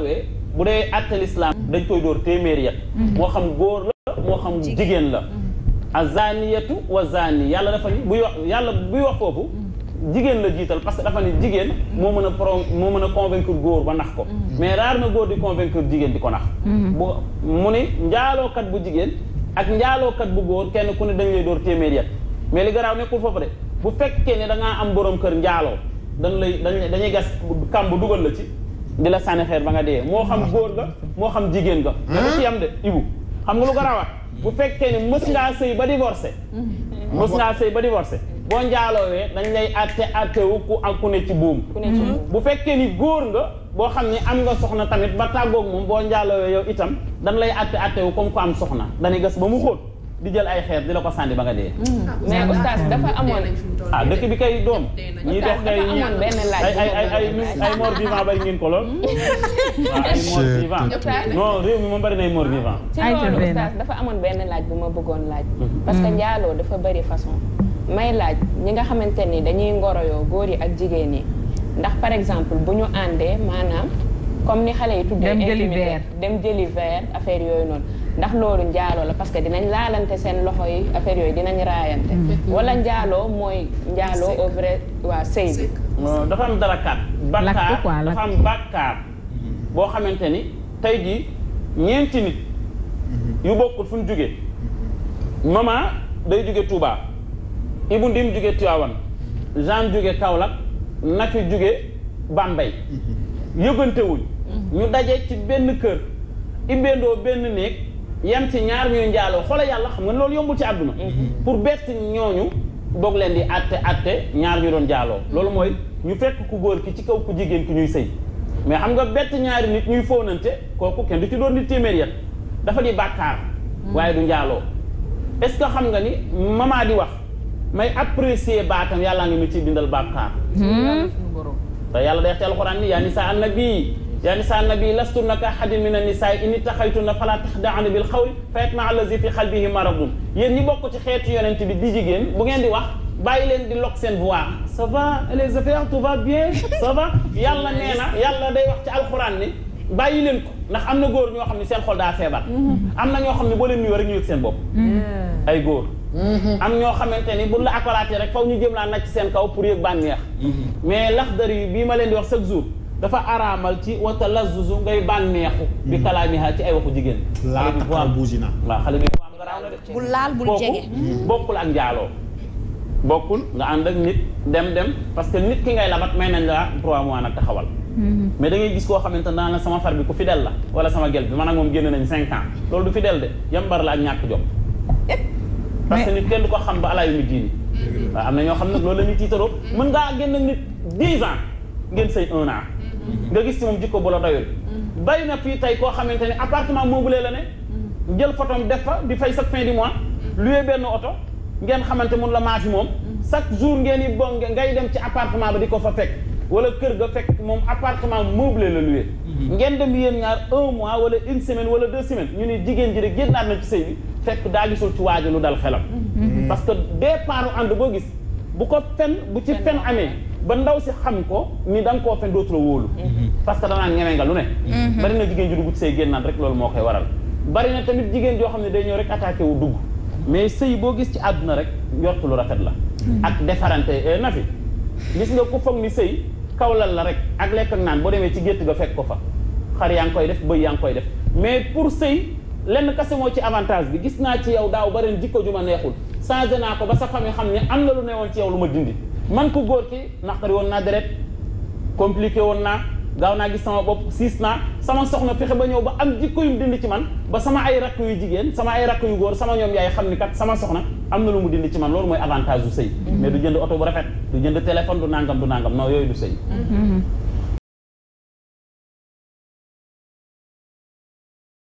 taxawee bu dee àtte lislaam dañ koy dóor téeméeri yat mhm. moo xam góor la moo xam jigéen la a mhm. azaniyatu wa zani yàlla dafa ni buy wax yàlla buy wax foofu mhm. jigéen la jiital parce que dafa ni jigéen moo mën a pro moo mën a convaincre góor ba nax ko mais raar na góor di convaincre jigéen di ko nax mu ne njaalookat bu jigéen ak njaalookat bu góor kenn ku ne dañ lay dóor téeméeri yat mais li garaaw nekkul foofu de bu fekkee ne da ngaa am borom kër njaaloo dañ lay dañ dañuy la di la sànni xeer ba nga dee moo xam góor ga moo xam jigéen ga hmm? dafa ci yam de ibu xam nga lu ko rawaat bu fekkee ne mës ngaa sëy ba divorcé hmm. mës ngaa sëy ba divorcé boo njaaloowee dañ lay atte atte wu ku ak ku ne ci buum bu fekkee ni góor nga boo xam ni am nga soxna tamit ba tàggoog moom boo njaaloowee yow itam dañ lay atte atte wu comme ku am soxna dañuy gas ba mu xóot di jël ay xeer di la ko sànni ba nga dee. Mm. Ah, mais ah, oustaz ah, dafa amoon. ah dëkk bi kay doom. ñii def kay ay ay ko lool. bari nay mort vivant. ci dafa amoon benn laaj bu ma bëggoon laaj. Mm-hmm. Mm-hmm. parce que njaaloo dafa bëri façon. may laaj ñi nga xamante ni dañuy yoo góor yi ak jigéen yi ndax par exemple bu ñu àndee maanaam comme ni xale yi tuddee. dem jëli dem jëli verre affaire yooyu noonu. ndax loolu njaaloo la parce que dinañ laalante seen loxo yi affaire yooyu dinañ raayante. Mm-hmm. wala njaaloo mooy. njaaloo au vrai waa sëy bi. dafa am darakaat. lakk quoi dafa am bàkkaar boo xamante ni tey jii ñeenti nit. Mm-hmm. yu bokkul fu ñu jugee. Mm-hmm. mama day jóge Touba. Ibou Ndim jugee Tivaouane. Jean jugee Kaolack. Nacu jugee Bambey. yëgante wuñ ñu daje ci benn kër. ibeendoo benn néeg. yam ci ñaar ñuy njaaloo xoola yàlla xam nga loolu yombul ci àdduna mhm. pour bett ñooñu doog leen di àtte àtte ñaar ñu doon njaaloo loolu mooy ñu fekk ku góor ki ci kaw ku jigéen ki ñuy sëy mais xam nga bett ñaari nit ñuy fóonante kooku kenn du ci doon nit téeméer yat dafa di bàkkaar mhm. waaye du njaaloo est que xam nga ni mamaa di wax may apprécier baatam yàllaa ngi mu ci bindal bàkkaar mhm. te yàlla day wax ci alxuraan ni yaa nisaa an nabii يا نساء النبي لستنك احد من النساء ان اتخيتن فلا تخدعن بالقول فيطمع الذي في قلبه مرض يين ني بوكو تي خيت يونت بي دي جيجين بو غين دي واخ باي لين دي لوك سين فوا سافا لي زافير تو فا بيان سافا يالا نينا يالا داي واخ تي القران ني باي لين كو ناخ امنا غور ньо خامني سين خول دا فيبال امنا ньо خامني بو لين نيو رك نيو سين بوب اي غور am ñoo xamanteni bu la accolaté rek faaw ñu jëm la nacc seen kaw pour yëg bànneex mm-hmm. mais lax dari dafa araamal ci la lazuzu ngay bànneexu bi mm-hmm. kalaamiha ci ay waxu jigéen laa takkal buusina waaw xale bi bu am garaaw laal bul jege mm-hmm. bokkul ak njaaloo bokkul nga ànd ak nit dem dem parce que nit ki ngay labat may nañ la trois mois taxawal mm-hmm. mais da ngay gis koo xamante naa la sama far bi ku fidèle la wala sama gel bi moom génn nañ cinq ans loolu du fidèle de yambar la ñàkk jom kenn ko xam ba alaayu mi diini na ñoo xam ne loolu la ñuy tiitaroo mën ngaa génn nit dix ans ngeen sëy un an nga gis ci moom jikko bu la doyul mm. na fii tey koo xamante ne appartement meublé la ne mm. jël photom def fa di fay sa fin du mois mm. loué benn oto ngeen xamante mun la maa fi moom chaque jour ngeen i bon ngay dem ci appartement ba di ko fa fekk wala kër ga fekk moom appartement meublé la loué mm-hmm. ngeen dem yéen ñaar un mois wala une semaine wala deux semaines ñu ne jigéen ji de génnaat na ci sëy bi fekk daa gisul ci waajo lu dal xelam mm-hmm. Mm-hmm. parce que départu ànd boo gis bu ko fen bu ci fen amee ba ndaw si xam ko ni da nga koo fen dootu la wóolu mhm. parce que danaan ñeme nga lu ne mhm. bari na jigéen ju dugg sëy génnaat rek loolu moo koy waral bari na tamit jigéen joo xam ne day ñëw rek attaqué wu dugg mais sëy boo gis ci àdduna rek njort lu rafet la mhm. ak defarante eh, nafi fi gis nga ku foog ni sëy kawlal la rek ak lekk ak naan boo demee ci gétt ga fekk ko fa xar yaa ngi koy def bëy yaa ngi koy def mais pour sëy lenn kase moo ci avantage bi gis naa ci yow daaw ba ren jikko ju ma neexul changé naa ko ba sa famille xam ne am na lu newoon ci yow lu ma dindi man ku góor ki naqari woon naa deret compliqué woon naa gaaw naa gis sama bopp siis naa sama soxna fexe ba ñëw ba am jikko yu mu dindi ci man ba sama ay rakk yu jigéen sama ay rakk yu góor sama ñoom yaay xam ni kat sama soxna am na lu mu dindi ci man loolu mooy avantage du sëy mm-hmm. mais du jënd oto bu rafet du jënd téléphone du nàngam du nangam non yooyu du sëy mm-hmm.